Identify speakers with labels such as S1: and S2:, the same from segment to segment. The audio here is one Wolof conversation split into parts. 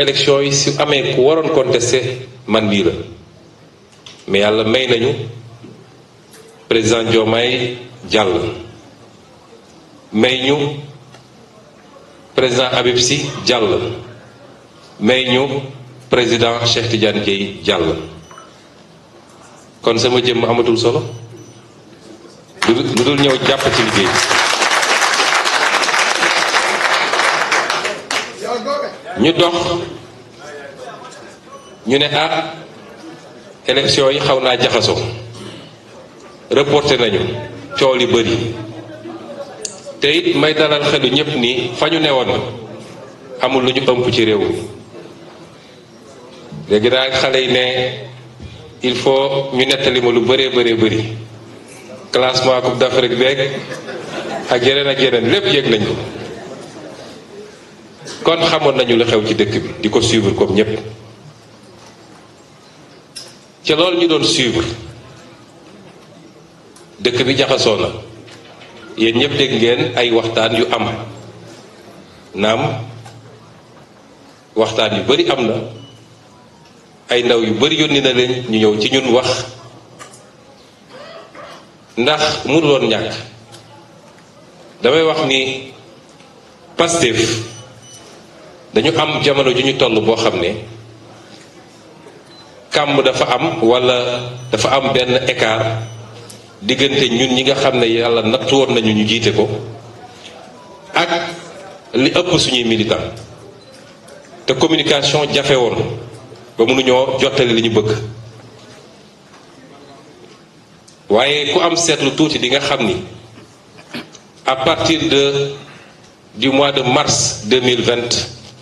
S1: élection yi si amee ku waroon contesté man bii la mais yàlla may nañu président Diomaye jàll may ñu président Habib Sy jàll may ñu président Cheikh Tidiane Dièye jàll kon sama jëmm amatul solo lu dul ñëw jàpp ci liggéey ñu dox ñu ne ah élection yi xaw naa jaxasoo reporté nañu coow li bëri te it may dalal xelu ñëpp ni fa ñu woon amul lu ñu ëmp ci réew mi léegi daal xale yi ne il faut ñu nettali ma lu bëree bëree bëri classement coupe d'Afrique beeg ak yeneen ak yeneen lépp yëg nañ ko. kon xamoon nañu la xew ci dëkk bi di ko suivre comme ñépp ci loolu ñu doon suivre dëkk bi jaxasoo na yéen ñëpp dégg ngeen ay waxtaan yu am naam waxtaan yu bari am na ay ndaw yu bari yónni na leen ñu ñëw ci ñun wax ndax mënuloon ñàkk damay wax ni Pastef dañu am jamono ju ñu toll boo xam ne dafa am wala dafa am benn écart diggante ñun ñi nga xam ne yàlla woon nañu ñu ko ak li ëpp militant communication jafe woon ba mënuñoo jottali li bëgg waaye ku am di nga à partir de du mois de mars 2020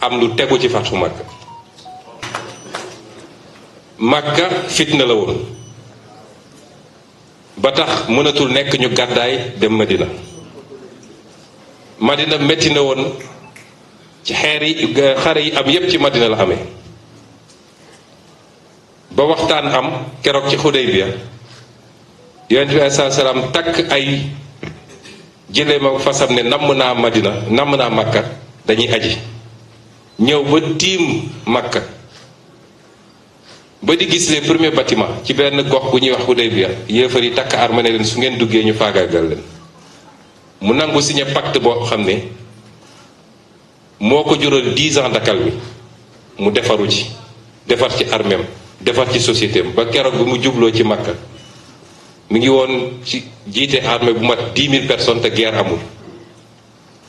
S1: am lu tegu ci fatxu Makka Makka fitna la woon ba tax mënatul nekk ñu gàddaay dem Madina Madina metti na woon ci xeer yi xare yi am yépp ci Madina la amee ba waxtaan am keroog ci Xudaybiya yonent bi alayhi salaam takk ay jëlee ma fasam ne namm naa Madina namm naa Makka dañuy aji ñew ba tim makka ba di gis les premiers bâtiments ci ben gox bu ñuy wax Hudaybiya yéefar yi takk arme ne su ngeen duggé ñu faagaagal len mu nangu signé pacte bo xamné moko moo ko jural dix ans dakal bi mu défaru ci défar ci armeem défar ci société ba kérok bu mu djublo ci makka mi ngi won ci jiite armée bu mat 10000 personnes te guerre amul